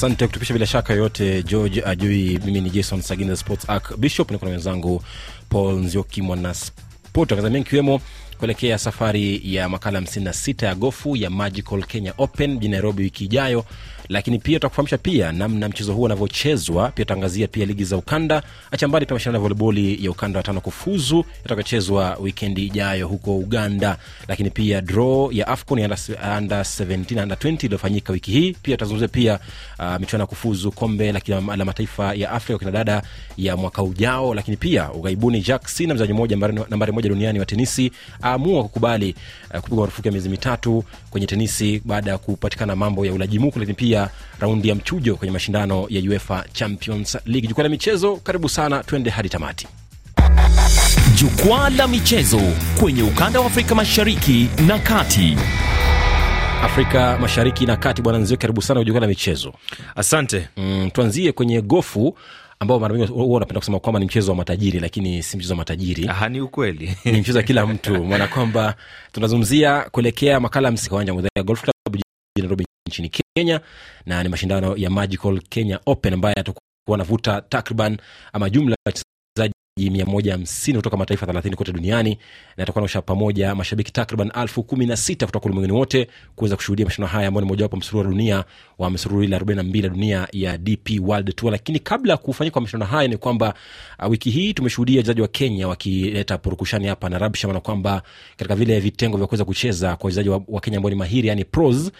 asante kutupisha bila shaka yote george ajui mimi ni jason sagina sports arc bishop niko na wenzangu paul nzioki mwana sport tanzania ikiwemo kuelekea safari ya makala 56 ya gofu ya Magical Kenya Open mjini Nairobi wiki ijayo, lakini pia tutakufahamisha pia namna mchezo huo unavyochezwa. Pia utaangazia pia ligi za ukanda, acha mbali pia mashindano ya voleboli ya ukanda wa tano kufuzu yatakayochezwa wikendi ijayo huko Uganda, lakini pia draw ya AFCON ya under 17 under 20 iliyofanyika wiki hii. Pia tutazungumzia pia uh, michuano ya kufuzu kombe la, la mataifa ya Afrika kina dada ya mwaka ujao, lakini pia ugaibuni Jack sina na mchezaji mmoja nambari moja duniani wa tenisi akaamua kukubali eh, kupigwa marufuku ya miezi mitatu kwenye tenisi baada ya kupatikana mambo ya ulaji muku, lakini pia raundi ya mchujo kwenye mashindano ya UEFA Champions League. Jukwaa la michezo, karibu sana, twende hadi tamati. Jukwaa la michezo kwenye ukanda wa Afrika mashariki na kati Afrika Mashariki na Kati. Bwana Nzio, karibu sana jukwaa la michezo. Asante. Mm, tuanzie kwenye gofu ambao mara mingi huwa unapenda kusema kwamba ni mchezo wa matajiri, lakini si mchezo wa matajiri. Aha, ni ukweli ni mchezo wa kila mtu, maana kwamba tunazungumzia kuelekea makala msikawanja Mudhaiya Golf Club jijini Nairobi nchini Kenya, na ni mashindano ya Magical Kenya Open ambayo yatakuwa navuta takriban ama jumla wachezaji 150 kutoka mataifa 30 kote duniani na itakuwa nausha pamoja mashabiki takriban elfu kumi na sita kutoka ulimwenguni wote kuweza kushuhudia mashindano haya ambayo ni mojawapo msururu wa dunia wa msururu ile 42 ya dunia ya DP World Tour. Lakini kabla ya kufanyika kwa mashindano haya ni kwamba uh, wiki hii tumeshuhudia wachezaji wa Kenya wakileta purukushani hapa na rabsha, maana kwamba katika vile vitengo vya kuweza kucheza kwa wachezaji wa, Kenya ambao ni mahiri, yani pros, ilikuwa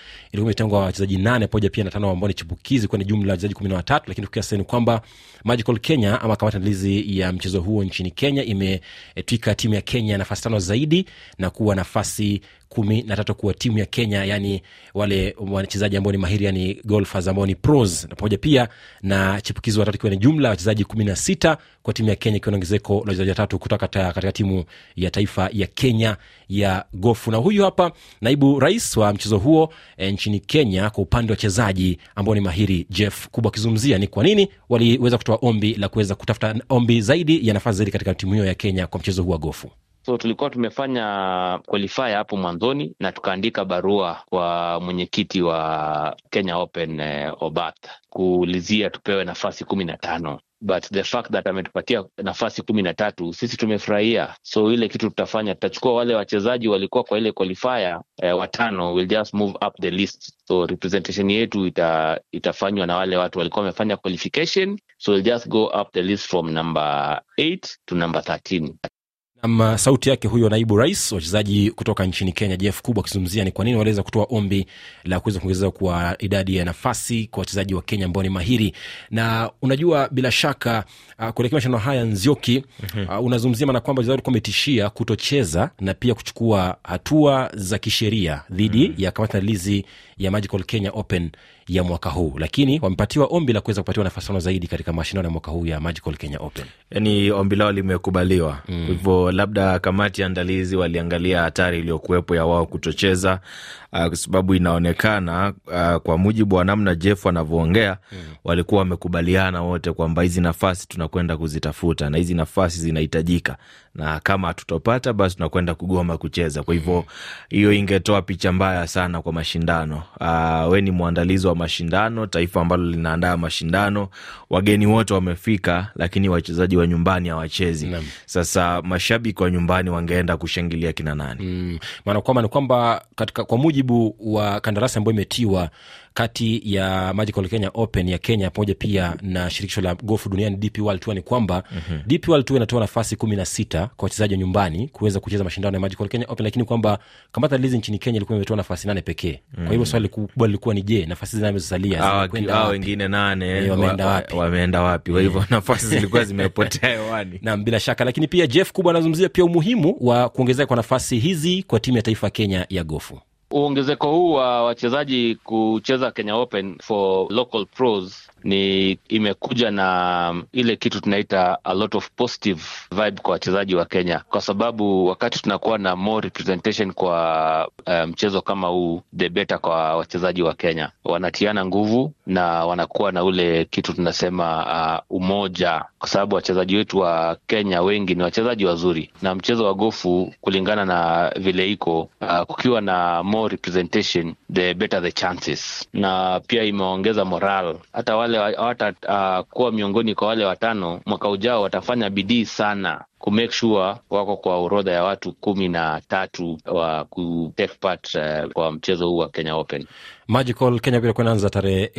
imetengwa wachezaji nane pamoja pia na tano ambao ni chipukizi, kwa ni jumla ya wachezaji 13, lakini kukiasi ni kwamba Magical Kenya ama kamati andalizi ya mchezo huu huo nchini Kenya imetwika timu ya Kenya nafasi tano zaidi na kuwa nafasi kumi na tatu kuwa timu ya Kenya, yani wale wachezaji ambao ni mahiri, yani golfers ambao ni pros, na pamoja pia na chipukizi watatu, ikiwa ni jumla ya wachezaji kumi na sita kwa timu ya Kenya, ikiwa na ongezeko la wachezaji watatu kutoka katika timu ya taifa ya Kenya ya gofu. Na huyu hapa naibu rais wa mchezo huo e, nchini Kenya kwa upande wa wachezaji ambao ni mahiri, Jeff Kubwa, akizungumzia ni kwa nini waliweza kutoa ombi la kuweza kutafuta ombi zaidi ya nafasi zaidi katika timu hiyo ya Kenya kwa mchezo huu wa gofu. So tulikuwa tumefanya qualifier hapo mwanzoni na tukaandika barua kwa mwenyekiti wa Kenya Open eh, Obath kuulizia tupewe nafasi kumi na tano but the fact that ametupatia nafasi kumi na tatu sisi tumefurahia. So ile kitu tutafanya, tutachukua wale wachezaji walikuwa kwa ile qualifier eh, watano, we'll just move up the list. So representation yetu ita, itafanywa na wale watu walikuwa wamefanya qualification, so we'll just go up the list from number 8 to number 13. Nam uh, sauti yake huyo naibu rais wachezaji kutoka nchini Kenya Jeff Kubwa akizungumzia ni kwa nini waliweza kutoa ombi la kuweza kuongezea kwa idadi ya nafasi kwa wachezaji wa Kenya ambao ni mahiri. Na unajua bila shaka uh, kuelekea mashindano haya Nzioki, mhm. uh, unazungumzia maana kwamba wachezaji walikuwa wametishia kutocheza na pia kuchukua hatua za kisheria dhidi mm -hmm. ya kamati andalizi ya Magical Kenya Open ya mwaka huu, lakini wamepatiwa ombi la kuweza kupatiwa nafasi tano zaidi katika mashindano ya mwaka huu ya Magical Kenya Open. Yani ombi lao limekubaliwa mm. labda kamati ya andalizi waliangalia hatari iliyokuwepo ya wao kutocheza uh, kwa sababu inaonekana uh, kwa mujibu wa namna Jeff anavyoongea mm. walikuwa wamekubaliana wote kwamba hizi nafasi tunakwenda kuzitafuta na hizi nafasi zinahitajika, na kama hatutopata basi tunakwenda kugoma kucheza. Kwa hivyo hmm. hiyo mm. ingetoa picha mbaya sana kwa mashindano. Uh, we ni mwandalizi wa mashindano, taifa ambalo linaandaa mashindano, wageni wote wamefika, lakini wachezaji wa nyumbani hawachezi. mm. Sasa mashabiki wa nyumbani wangeenda kushangilia kina nani? mm. maana kwamba ni kwamba katika kwa mujibu mujibu wa kandarasi ambayo imetiwa kati ya Magical Kenya Open ya Kenya pamoja pia na shirikisho la gofu duniani DP World Tour ni kwamba mm-hmm. DP World Tour inatoa nafasi kumi na sita kwa wachezaji wa nyumbani kuweza kucheza mashindano ya Magical Kenya Open, lakini kwamba kamata lizi nchini Kenya ilikuwa imetoa nafasi nane pekee. mm-hmm. Kwa hivyo mm. swali kubwa lilikuwa ni je, nafasi zinazosalia wengine nane wameenda wapi? Wameenda wapi? Kwa mm. hivyo nafasi zilikuwa zimepotea hewani. na bila shaka, lakini pia Jeff Kubwa anazungumzia pia umuhimu wa kuongezeka kwa nafasi hizi kwa timu ya taifa Kenya ya gofu. Uongezeko huu wa wachezaji kucheza Kenya Open for local pros ni imekuja na um, ile kitu tunaita a lot of positive vibe kwa wachezaji wa Kenya, kwa sababu wakati tunakuwa na more representation kwa uh, mchezo um, kama huu the better kwa wachezaji wa Kenya, wanatiana nguvu na wanakuwa na ule kitu tunasema uh, umoja, kwa sababu wachezaji wetu wa Kenya wengi ni wachezaji wazuri, na mchezo wa gofu kulingana na vile iko uh, kukiwa na more representation the better the chances, na pia imeongeza moral hata wale wale hawatakuwa uh, miongoni kwa wale watano, mwaka ujao watafanya bidii sana kumake sure wako kwa orodha ya watu kumi na tatu wa kutake part uh, kwa mchezo huu wa Kenya Open. Magical Kenya pia Open naanza tarehe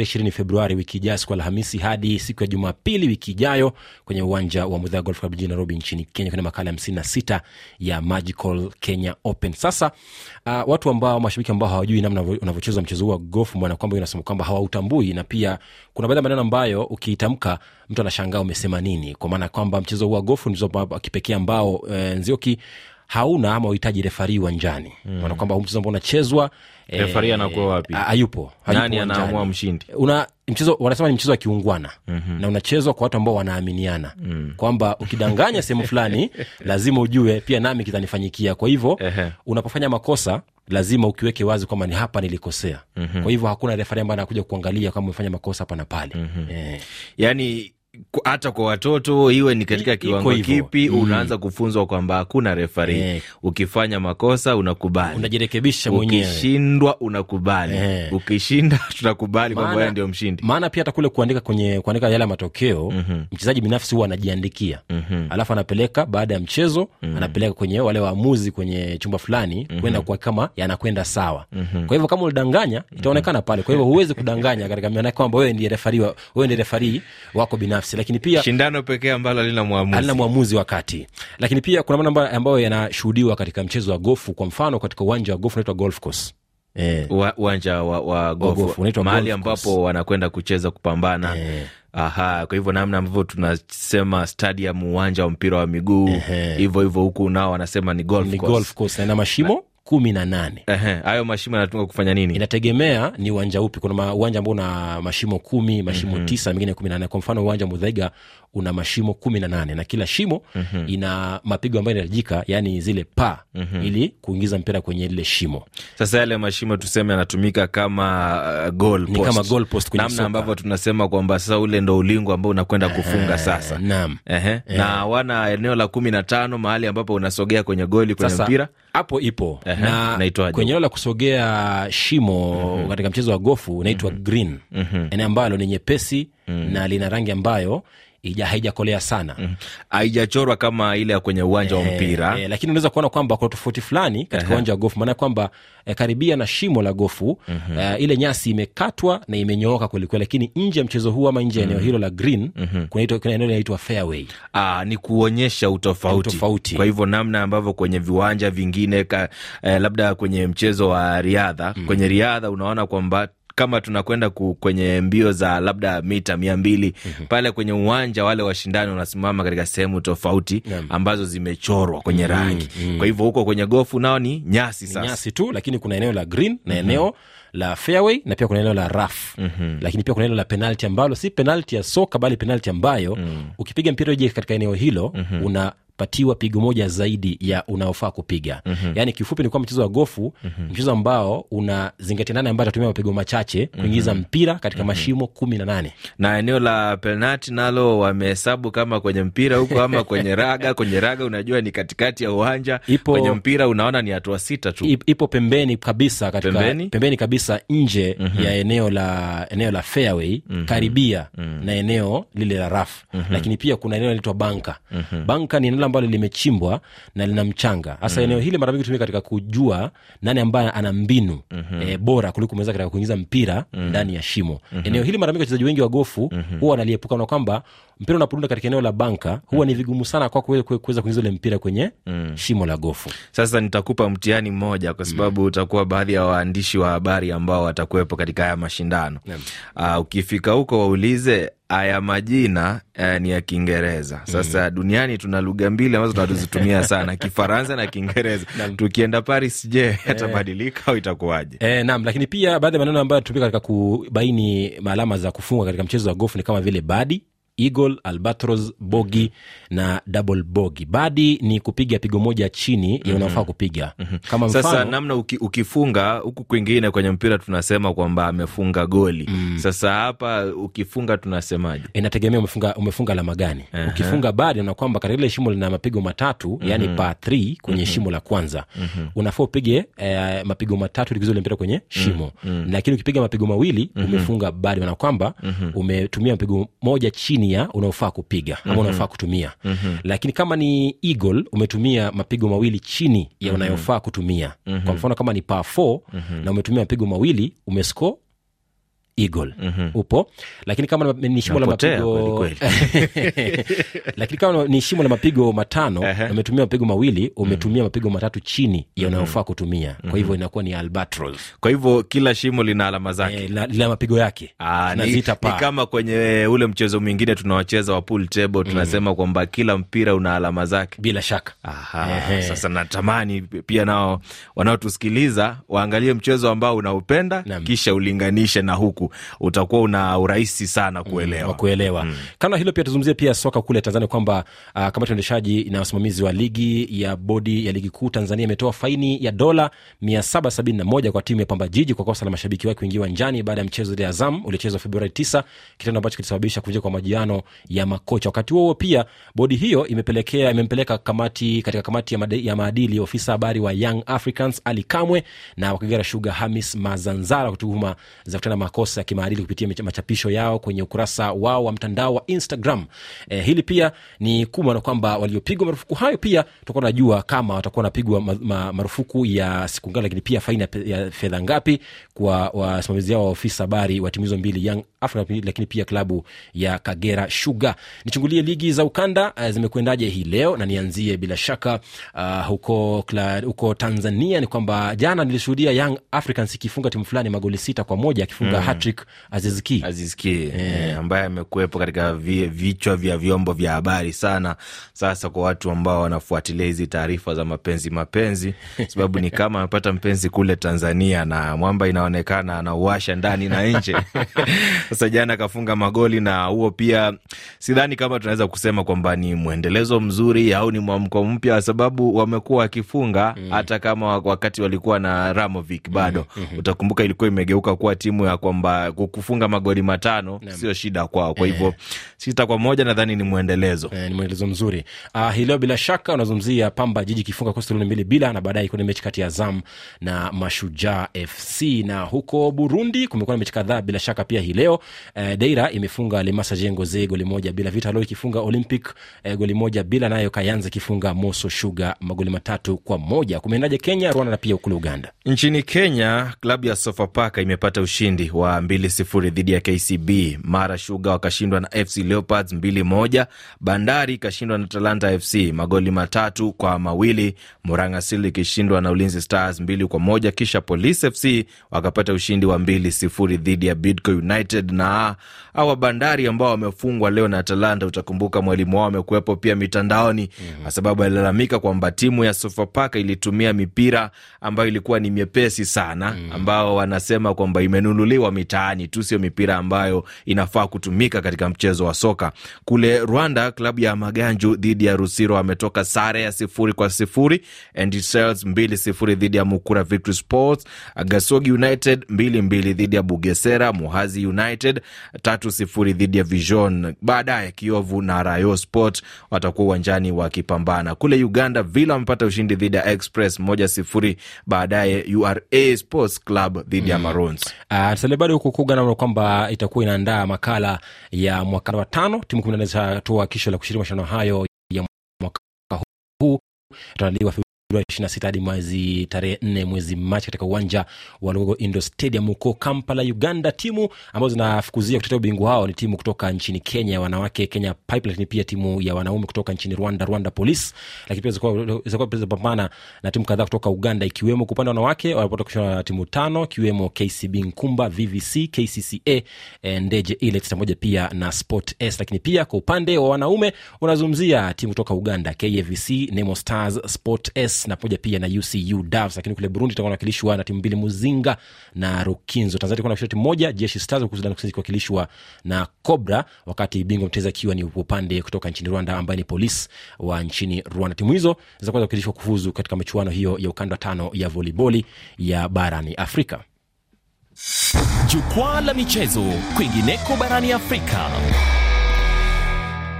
ishirini Februari wiki ijayo, siku Alhamisi hadi siku ya Jumapili wiki ijayo kwenye uwanja wa Mudhaya Golf Club jijini Nairobi nchini Kenya. kwenye makala hamsini na sita ya Magical Kenya Open. Sasa uh, watu ambao mashabiki ambao hawajui namna unavyocheza mchezo huu wa golf, bwana, kwamba unasema kwamba hawautambui na pia kuna baadhi ya maneno ambayo ukiitamka mtu anashangaa umesema nini, kwa maana kwamba mchezo huu wa gofu ndizo mchezo wa kipekee ambao e, Nzioki hauna ama uhitaji refari uwanjani mm. Maana kwamba mchezo ambao unachezwa e, eh, refari anakuwa wapi? Hayupo, nani anaamua mshindi? una mchezo wanasema ni mchezo wa kiungwana mm-hmm. na unachezwa kwa watu ambao wanaaminiana mm. kwamba ukidanganya sehemu fulani lazima ujue pia nami kitanifanyikia. Kwa hivyo unapofanya makosa lazima ukiweke wazi kwamba ni hapa nilikosea. mm-hmm. Kwa hivyo hakuna refari ambaye anakuja kuangalia kama umefanya makosa hapa na pale. mm-hmm. eh. Yani hata kwa watoto iwe ni katika kiwango kipi, mm. unaanza kufunzwa kwamba hakuna refari eh. Ukifanya makosa unakubali, unajirekebisha mwenyewe. Ukishindwa unakubali eh. Ukishinda tunakubali kwamba wewe ndio mshindi. Maana pia hata kule kuandika kwenye kuandika yale matokeo mm -hmm. mchezaji binafsi huwa anajiandikia mm -hmm. alafu anapeleka baada ya mchezo mm -hmm. anapeleka kwenye wale waamuzi kwenye chumba fulani mm -hmm. kwenda kwa kama yanakwenda sawa mm -hmm. kwa hivyo kama ulidanganya itaonekana mhm. pale. Kwa hivyo huwezi kudanganya katika maana kwamba wewe ndiye refari, wewe ndiye refari wako binafsi binafsi, lakini pia shindano pekee ambalo lina mwamuzi, lina mwamuzi wakati. Lakini pia kuna mambo ambayo yanashuhudiwa katika mchezo wa gofu, kwa mfano katika uwanja wa gofu unaitwa golf course eh. uwanja eh, wa, wa wa gofu mahali ambapo wanakwenda kucheza kupambana eh. Aha, kwa hivyo namna ambavyo tunasema stadium uwanja wa mpira wa miguu hivyo hivyo, huku nao wanasema ni golf course, na mashimo kumi na nane. Hayo mashimo yanatunga kufanya nini? Inategemea ni uwanja upi. Kuna uwanja ambao una mashimo kumi, mashimo mm -hmm. tisa, mengine kumi na nane. Kwa mfano uwanja Mudhaiga una mashimo kumi na nane na kila shimo mm-hmm. ina mapigo ambayo inahitajika, yani zile pa mm-hmm. ili kuingiza mpira kwenye lile shimo. Sasa yale mashimo tuseme yanatumika kama uh, kama goal post namna ambavyo tunasema kwamba sasa ule ndo ulingo ambao unakwenda eh, kufunga sasa. Naam, ehe, eh. na wana eneo la kumi na tano mahali ambapo unasogea kwenye goli kwenye sasa, mpira hapo ipo ehe, na kwenye eneo la kusogea shimo mm-hmm. katika mchezo wa gofu unaitwa mm-hmm. green mm-hmm. eneo ambalo ni nyepesi mm-hmm. na lina rangi ambayo haijakolea sana, mm. haijachorwa mm. kama ile ya kwenye uwanja e, wa eh, mpira e, lakini unaweza kuona kwamba kuna tofauti fulani katika uwanja wa gofu, maana kwamba e, karibia na shimo la gofu mm -hmm. e, ile nyasi imekatwa na imenyooka kwelikweli, lakini nje ya mchezo huu ama nje ya mm eneo mhm. hilo la green mm -hmm. kuna, eneo linaitwa fairway. ah, ni kuonyesha utofauti, utofauti. Kwa hivyo namna ambavyo kwenye viwanja vingine ka, eh, labda kwenye mchezo wa riadha mm -hmm. kwenye riadha unaona kwamba kama tunakwenda kwenye mbio za labda mita mia mbili mm-hmm. pale kwenye uwanja wale washindani wanasimama katika sehemu tofauti yeah. ambazo zimechorwa kwenye mm-hmm. rangi mm-hmm. kwa hivyo huko kwenye gofu nao ni nyasi sasa. nyasi tu, lakini kuna eneo la green na mhm. eneo mm-hmm. la fairway na pia kuna eneo la raf mm-hmm. lakini pia kuna eneo la penalti ambalo si penalti ya soka bali penalti ambayo mm-hmm. ukipiga mpira uje katika eneo hilo mm-hmm. una unapatiwa pigo moja zaidi ya unaofaa kupiga mm-hmm. yani kifupi ni kuwa mchezo wa gofu mm-hmm. mchezo ambao unazingatia nane ambayo atatumia mapigo machache kuingiza mm-hmm. mpira katika mm-hmm. mashimo kumi na nane na eneo la penati nalo wamehesabu kama kwenye mpira huko ama kwenye raga kwenye raga unajua ni katikati ya uwanja ipo, kwenye mpira unaona ni hatua sita tu ipo pembeni kabisa katika, pembeni? pembeni kabisa nje mm-hmm. ya eneo la eneo la fairway mm-hmm. karibia mm-hmm. na eneo lile la rafu mm-hmm. lakini pia kuna eneo linaitwa banka mm-hmm. banka ni eneo eneo ambalo limechimbwa na lina mchanga hasa mm. eneo hili mara mingi tumia katika kujua nani ambaye ana mbinu mm-hmm. e, bora kuliko meza katika kuingiza mpira mm-hmm. ndani ya shimo mm-hmm. eneo hili mara mingi wachezaji wengi wa gofu mm-hmm. huwa wanaliepuka na kwamba mpira unapodunda katika eneo la banka huwa mm. ni vigumu sana kwa kuweza kuingiza ule mpira kwenye mm. shimo la gofu sasa nitakupa mtihani mmoja kwa mm. sababu mm. utakuwa baadhi ya waandishi wa habari ambao watakuwepo katika haya mashindano mm. uh, ukifika huko waulize haya majina eh, ni ya Kiingereza. Mhm. Sasa mm. duniani tuna lugha mbili ambazo tunazitumia sana, Kifaransa na Kiingereza. Tukienda Paris, je, eh. yatabadilika au itakuwaje? Eh, naam. Lakini pia baadhi ya maneno ambayo yanatumika katika kubaini maalama za kufunga katika mchezo wa gofu ni kama vile badi eagle, albatros, bogi mhm. na double bogi. Badi ni kupiga pigo moja chini mm ya mhm. unafaa kupiga mm-hmm. kama mfano. Sasa namna uki, ukifunga huku kwingine kwenye mpira tunasema kwamba amefunga goli mm. Sasa hapa ukifunga tunasemaje? Inategemea umefunga, umefunga alama gani? uh-huh. Ukifunga badi na kwamba katika ile shimo lina mapigo matatu mm-hmm. yani pa 3 kwenye mm-hmm. shimo la kwanza mm-hmm. unafaa upige eh, mapigo matatu likizo ile mpira kwenye mm. shimo mm-hmm. lakini ukipiga mapigo mawili mm-hmm. umefunga badi na kwamba mm-hmm. umetumia mapigo moja chini ya unaofaa kupiga ama mhm. unaofaa kutumia mm-hmm. lakini kama ni eagle umetumia mapigo mawili chini ya mhm. unayofaa kutumia mm-hmm. kwa mhm. mfano kama ni par 4 mm-hmm. na umetumia mapigo mawili umesko eagle mm-hmm. upo lakini kama ni shimo la mapigo lakini kama ni shimo la mapigo matano uh-huh. umetumia mapigo mawili mhm. umetumia mm-hmm. mapigo matatu chini yanayofaa mhm. kutumia mm-hmm. kwa mhm. hivyo inakuwa ni albatros kwa hivyo kila shimo lina alama zake e, la, mapigo yake Aa, ah, pa. ni kama kwenye ule mchezo mwingine tunawacheza wa pool table mm. tunasema mm-hmm. kwamba kila mpira una alama zake bila shaka Aha, Ehe. sasa natamani pia nao wanaotusikiliza waangalie mchezo ambao unaupenda kisha ulinganishe na huku utakuwa una urahisi sana mm, kuelewa, mm, kuelewa. Mm. Kama hilo pia tuzungumzie pia soka kule Tanzania kwamba uh, kamati ya uendeshaji na wasimamizi wa ligi ya bodi ya ligi kuu Tanzania imetoa faini ya dola 771 kwa timu ya Pamba Jiji kwa kosa la mashabiki wake kuingia uwanjani baada ya mchezo dhidi ya Azam uliochezwa Februari 9, kitendo ambacho kilisababisha kuvunjika kwa majiano ya makocha. Wakati huo pia bodi hiyo imepelekea imempeleka kamati katika kamati ya, made, ya maadili ofisa habari wa Young Africans Ali Kamwe na Wakagera Sugar Hamis Mazanzara kutuhuma za kutenda makosa fursa ya kimaadili kupitia machapisho yao kwenye ukurasa wao wa mtandao wa Instagram. eh, hili pia ni kubwa na kwamba waliopigwa marufuku hayo pia tutakuwa najua kama watakuwa wanapigwa ma, ma, marufuku ya siku ngapi, lakini pia faini ya fedha ngapi kwa wasimamizi hao wa ofisi habari wa timu hizo mbili Young Afrika, lakini pia klabu ya Kagera Sugar. Nichungulie ligi za ukanda eh, zimekuendaje hii leo, na nianzie bila shaka uh, huko, kla, huko Tanzania ni kwamba jana nilishuhudia Young Africans ikifunga timu fulani magoli sita kwa moja akifunga mm. hattrick Aziziki Aziziki yeah. Eh, ambaye amekuwepo katika vichwa vya vyombo vya habari sana sasa kwa watu ambao wanafuatilia hizi taarifa za mapenzi mapenzi, sababu ni kama amepata mpenzi kule Tanzania na mwamba inaonekana anauasha ndani na nje Sasa jana akafunga magoli, na huo pia sidhani kama tunaweza kusema kwamba ni mwendelezo mzuri au ni mwamko mpya, kwa sababu wamekuwa wakifunga mm. hata kama wakati walikuwa na Ramovic mm, bado mm -hmm. Utakumbuka ilikuwa imegeuka kuwa timu ya kwamba kufunga magoli matano mm. sio shida kwao, kwa eh. hivyo eh. sita kwa moja nadhani ni mwendelezo eh, ni mwendelezo mzuri uh, hii leo bila shaka unazungumzia Pamba Jiji kifunga Coastal mbili bila, na baadaye kuna mechi kati ya Azam na Mashujaa FC, na huko Burundi kumekuwa na mechi kadhaa bila shaka pia hii leo eh, Deira imefunga Lemasa Jengo Ze goli moja bila, Vita Lo ikifunga Olympic eh, goli moja bila, nayo Kayanza ikifunga Moso shuga magoli matatu kwa moja. Kumeendaje Kenya, Rwanda na pia ukulu Uganda? Nchini Kenya, klabu ya Sofapaka imepata ushindi wa 2-0 dhidi ya KCB. Mara shuga wakashindwa na FC Leopards 2-1. Bandari ikashindwa na Talanta FC magoli matatu kwa mawili. Murang'a Seal ikishindwa na Ulinzi Stars mbili kwa moja, kisha Police FC wakapata ushindi wa 2-0 dhidi ya Bidco United Nah. au Bandari ambao wamefungwa leo na Atalanta, utakumbuka mwalimu wao amekuwepo pia mitandaoni mm-hmm. kwa sababu alilalamika kwamba timu ya Sofapaka ilitumia mipira ambayo ilikuwa ni myepesi sana mm-hmm. ambao wanasema kwamba imenunuliwa mitaani tu, sio mipira ambayo inafaa kutumika katika mchezo wa soka. Kule Rwanda, klabu ya Maganju dhidi ya Rusiro ametoka sare ya sifuri kwa sifuri, Etincelles mbili sifuri dhidi ya Mukura Victory Sports, Gasogi United mbili mbili dhidi ya Bugesera, Muhazi United tatu tatu sifuri dhidi ya Vision. Baadaye Kiovu na Rayo Sport watakuwa uwanjani wakipambana. Kule Uganda, Villa wamepata ushindi dhidi ya Express moja sifuri. Baadaye URA Sports Club dhidi ya mm. Maroons. Uh, ah, tusale bado huku kuga namna kwamba itakuwa inaandaa makala ya mwaka wa tano timu kumi na nne zitatoa kisho la kushiriki mashindano hayo ya mwaka huu itaandaliwa 26 hadi mwezi tarehe nne mwezi Machi katika uwanja wa Lugogo Indo Stadium huko Kampala, Uganda. Timu ambazo zinafukuzia kutetea ubingwa hao ni timu kutoka nchini Kenya ya wanawake Kenya Pipe, lakini pia timu ya wanaume kutoka nchini Rwanda, Rwanda Police, lakini pia zitakuwa zinapambana na timu kadhaa kutoka Uganda, ikiwemo kwa upande wa wanawake wanapata kushana timu tano, ikiwemo KCB Nkumba, VVC, KCCA, eh, Ndeje Elite pamoja pia na Sport S. Lakini pia kwa upande wa wanaume unazungumzia timu kutoka Uganda, KAVC, Nemo Stars, Sport S Express na pamoja pia na UCU Davs. Lakini kule Burundi itakuwa nawakilishwa na timu mbili Muzinga na Rukinzo. Tanzania itakuwa nawakilishwa timu moja Jeshi Stars, huku Sudan Kusini ikiwakilishwa na Cobra, wakati bingwa mteza akiwa ni upande kutoka nchini Rwanda ambaye ni Polisi wa nchini Rwanda. Timu hizo zitakuwa zawakilishwa kufuzu katika michuano hiyo ya ukanda wa tano ya voliboli ya barani Afrika. Jukwaa la michezo kwingineko barani Afrika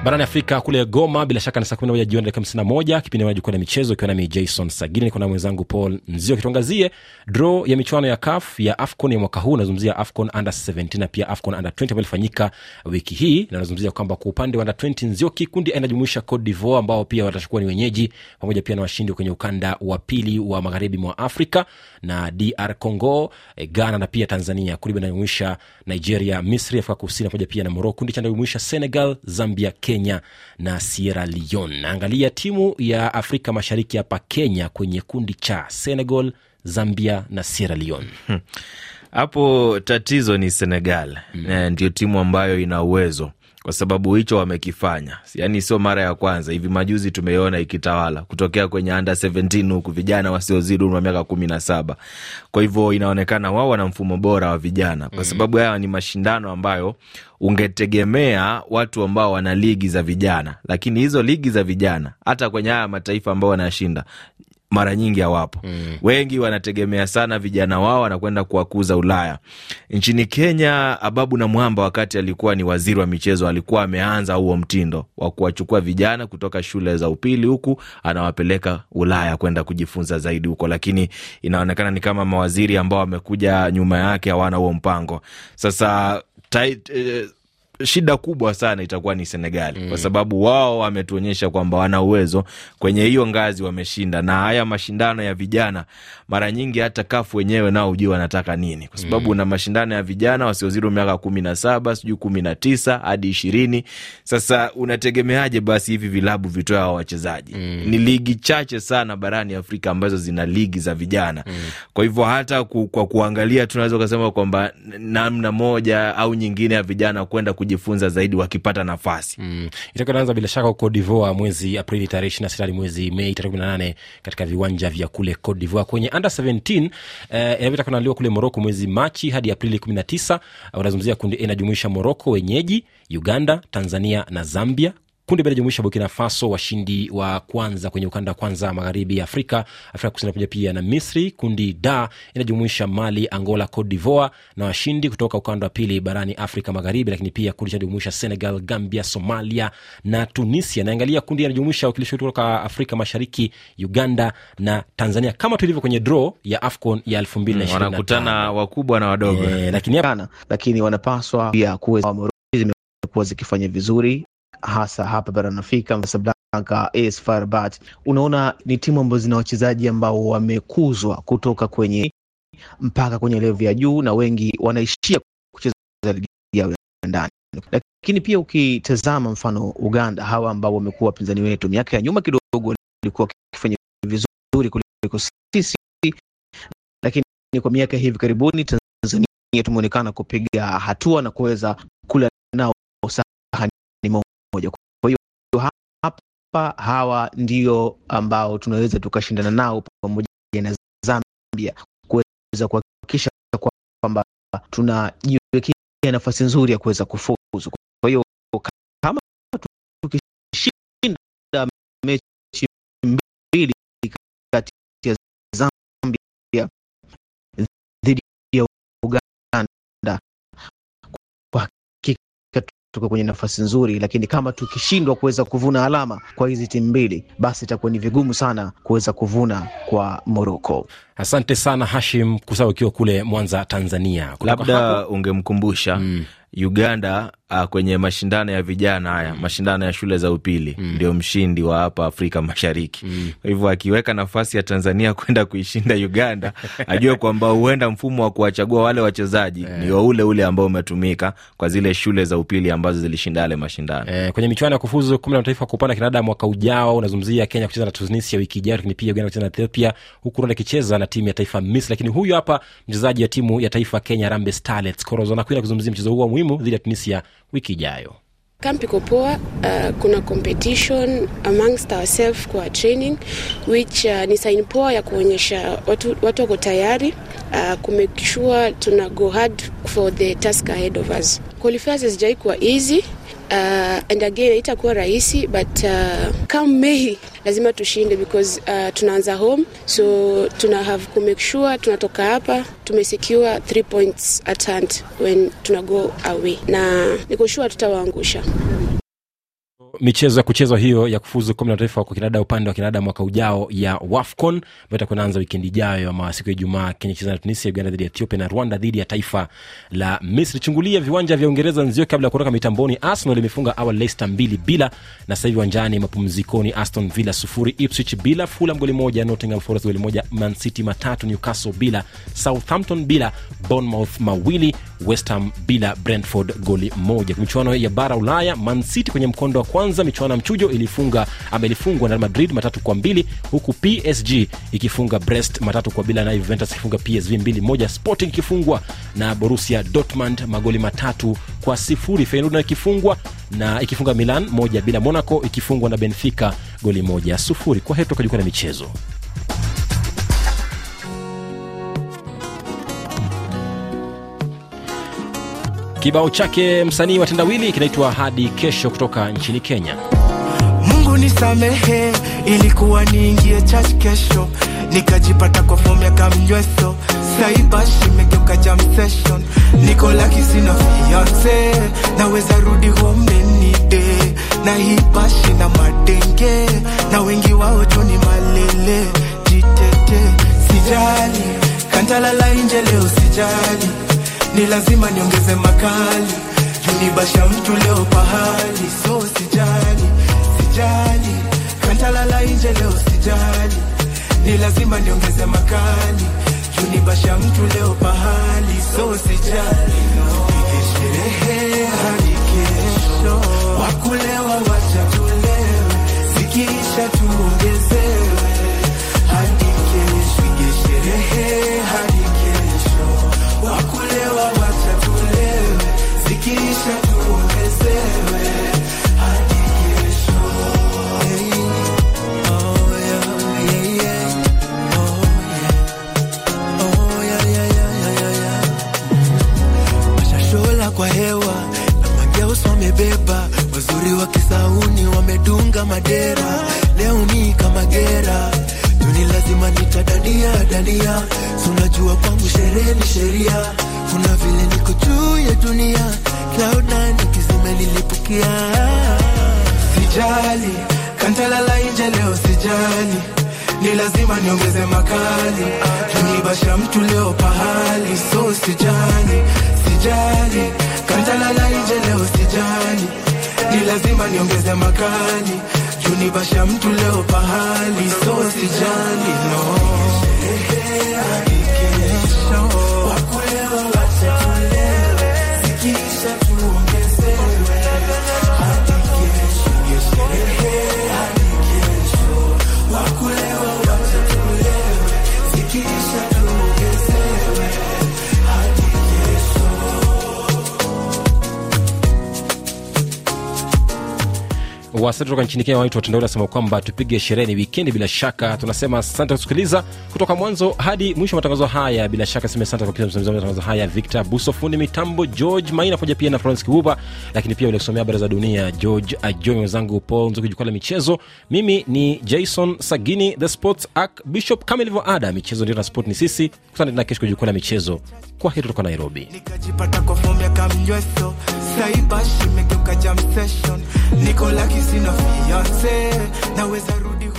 barani Afrika kule Goma, bila shaka ni saa 11 jioni dakika 51 kipindi cha jukwaa la michezo, ikiwa nami Jason Sagini, niko na mwenzangu Paul Nzio, kituangazie draw ya michuano ya CAF ya AFCON ya mwaka huu. Nazungumzia AFCON under 17 na pia AFCON under 20 ambayo ilifanyika wiki hii, na nazungumzia kwamba kwa upande wa under 20 Nzio, kikundi inajumuisha Cote d'Ivoire ambao pia watachukua ni wenyeji pamoja pia na washindi kwenye ukanda wa pili wa magharibi mwa Afrika na DR Congo, eh, Ghana na pia Tanzania. Kundi inajumuisha Nigeria, Misri, Afrika Kusini pamoja pia na Morocco. Kundi cha inajumuisha Senegal, Zambia, Kenya Kenya na Sierra Leone. Naangalia timu ya Afrika Mashariki hapa Kenya kwenye kundi cha Senegal, Zambia na Sierra Leone. Hmm. Hapo tatizo ni Senegal, mm. ndio timu ambayo ina uwezo kwa sababu hicho wamekifanya, yani sio mara ya kwanza. Hivi majuzi tumeiona ikitawala kutokea kwenye under 17 huku vijana wasiozidi umri wa miaka kumi na saba. Kwa hivyo inaonekana wao wana mfumo bora wa vijana, kwa mm-hmm. sababu haya ni mashindano ambayo ungetegemea watu ambao wana ligi za vijana, lakini hizo ligi za vijana hata kwenye haya mataifa ambao wanashinda mara nyingi hawapo. Mm. Wengi wanategemea sana vijana wao wanakwenda kuwakuza Ulaya. Nchini Kenya, Ababu na Mwamba wakati alikuwa ni waziri wa michezo alikuwa ameanza huo mtindo wa kuwachukua vijana kutoka shule za upili huku anawapeleka Ulaya kwenda kujifunza zaidi huko, lakini inaonekana ni kama mawaziri ambao wamekuja nyuma yake hawana huo mpango. Sasa eh, shida kubwa sana itakuwa ni Senegali mm. kwa sababu wao wametuonyesha kwamba wana uwezo kwenye hiyo ngazi, wameshinda na haya mashindano ya vijana. Mara nyingi hata kafu wenyewe nao hujui wanataka nini, kwa sababu mm. na mashindano ya vijana wasiozidi miaka kumi na saba sijui kumi na tisa hadi ishirini. Sasa unategemeaje basi hivi vilabu vitoe hawa wachezaji mm. ni ligi chache sana barani Afrika ambazo zina ligi za vijana mm. kwa hivyo hata ku, kwa kuangalia tunaweza ukasema kwamba namna moja au nyingine ya vijana kwenda ku kujifunza zaidi wakipata nafasi mm. Itakaanza bila shaka huko Divoa mwezi Aprili tarehe ishirini na sita hadi mwezi Mei tarehe kumi na nane katika viwanja vya kule Cote Divoa kwenye under 17 eh, inavyoenda kule Moroko mwezi Machi hadi Aprili kumi na tisa. Unazungumzia kundi inajumuisha Moroko wenyeji, Uganda, Tanzania na Zambia Kundi B jumuisha Burkina Faso, washindi wa kwanza kwenye ukanda wa kwanza magharibi ya Afrika. Afrika Kusini pamoja pia na Misri. Kundi D inajumuisha Mali, Angola, Cote d'Ivoire na washindi kutoka ukanda wa pili barani Afrika Magharibi. Lakini pia kundi cha jumuisha Senegal, Gambia, Somalia na Tunisia. Naangalia kundi inajumuisha wakilishi kutoka Afrika Mashariki, Uganda na Tanzania, kama tulivyo kwenye draw ya AFCON ya mm, elfu mbili na Wanakutana wakubwa na wadogo, eh, lakini wanapaswa pia kuwa zimekuwa zikifanya vizuri hasa hapa barani Afrika Casablanca, AS FAR Rabat, unaona ni timu ambazo zina wachezaji ambao wamekuzwa kutoka kwenye mpaka kwenye levu ya juu, na wengi wanaishia kucheza ligi yao ya ndani. Lakini pia ukitazama mfano Uganda, hawa ambao wamekuwa wapinzani wetu miaka ya nyuma kidogo walikuwa wakifanya vizuri kuliko sisi, lakini kwa miaka hivi karibuni Tanzania tumeonekana kupiga hatua na kuweza kula nao sahani hapa, hawa ndio ambao tunaweza tukashindana nao pamoja na Zambia kuweza kuhakikisha kwamba tunajiwekea nafasi nzuri ya kuweza kufuzu. Kwa hiyo tuko kwenye nafasi nzuri, lakini kama tukishindwa kuweza kuvuna alama kwa hizi timu mbili, basi itakuwa ni vigumu sana kuweza kuvuna kwa Moroko. Asante sana Hashim Kusa ukiwa kule Mwanza, Tanzania. Labda ungemkumbusha mm. Uganda uh, kwenye mashindano ya vijana haya mm. mashindano ya shule za upili mm. ndio mshindi wa hapa Afrika Mashariki mm. kwa hivyo akiweka nafasi ya Tanzania kwenda kuishinda Uganda ajue kwamba huenda mfumo wa kuwachagua wale wachezaji yeah. ndio ule ule ambao umetumika kwa zile shule za upili ambazo zilishinda yale mashindano yeah. kwenye michuano ya kufuzu kombe la mataifa kupanda kinada mwaka ujao unazungumzia Kenya kucheza na Tunisia wiki ijayo, lakini pia Uganda kucheza na Ethiopia, huku Rwanda ikicheza na timu ya taifa Misri. Lakini huyu hapa mchezaji wa timu ya taifa Kenya Harambee Starlets Corozo na kuzungumzia mchezo huo muhimu dhidi ya Tunisia wiki ijayo. Kamp iko poa. Uh, kuna competition amongst ourselves kwa training which uh, ni sign poa ya kuonyesha watu, watu wako tayari uh, kumekishua tuna go hard for the task ahead of us. Qualifiers hazijai kuwa easy Uh, and again itakuwa rahisi but uh, come May lazima tushinde because uh, tunaanza home so tuna have to make sure tunatoka hapa tumesecure three points at hand when tunago away, na niko sure tutawaangusha michezo ya kuchezwa hiyo ya kufuzu kombe la taifa kwa kinada upande wa kinada mwaka ujao ya wafcon ambayo itakuwa inaanza wikendi ijayo ama siku ya ijumaa kenya cheza na tunisia uganda dhidi ya ethiopia na rwanda dhidi ya taifa la misri chungulia viwanja vya uingereza nzio kabla ya kutoka mitamboni arsenal imefunga awali leicester mbili bila na sasa hivi uwanjani mapumzikoni aston villa sufuri ipswich bila fulham goli moja nottingham forest goli moja man city matatu newcastle bila southampton bila bournemouth mawili westham bila brentford goli moja michuano ya bara ulaya mancity kwenye mkondo wa kwanza kwanza michuano ya mchujo ilifunga amelifungwa na Madrid matatu kwa mbili huku PSG ikifunga Brest matatu kwa bila, nayo Juventus ikifunga PSV mbili moja, Sporting ikifungwa na Borussia Dortmund magoli matatu kwa sifuri, Feyenoord na ikifungwa na ikifunga Milan moja bila, Monaco ikifungwa na Benfica goli moja sufuri. Kwa heri toka jukwaa la michezo. Kibao chake msanii wa Tendawili kinaitwa hadi kesho kutoka nchini Kenya. Mungu nisamehe, ilikuwa niingie chach kesho nikajipata kwa fomu ya kamjweso saibashi imegeuka jam session, niko laki sina fiance, naweza rudi homenide na hibashi na madenge na wengi wao toni malele jitete, sijali kantalala inje leo sijali ni lazima niongeze makali, junibasha mtu leo pahali, so sijali, sijali, kantalala inje leo sijali, ni lazima niongeze makali sunajua kwangu sherehe ni sheria, kuna vile niko juu ya dunia, cloud nine nikizima nilipukia. Sijali kantalala inje leo, sijali ni lazima niongeze makali, tuibasha mtu leo pahali, so sijali, sijali kantalala inje leo, sijali ni lazima niongeze makali, tunibasha mtu leo pahali, so sijali no there. Wasanii kutoka nchini Kenya wanaitwa tandao nasema kwamba tupige sherehe ni wikendi. Bila shaka tunasema asante kusikiliza kutoka mwanzo hadi mwisho wa matangazo haya. Bila shaka seme asante kwa kila msimamizi wa matangazo haya, Victor busofundi mitambo George Maina, pamoja pia na Florence Kibuba, lakini pia uliokusomea habari za dunia George Ajoi, mwenzangu Paul Nzuki, jukwaa la michezo. Mimi ni Jason Sagini, the sports arc bishop, kama ilivyo ada. Michezo ndio na sport ni sisi. Kutana tena kesho kwa jukwaa la michezo. Kwa heri, kutoka Nairobi. Nikajipata kwa fomu ya kamjweso saibashi imegeuka jam session niko laki sina fiance, naweza rudi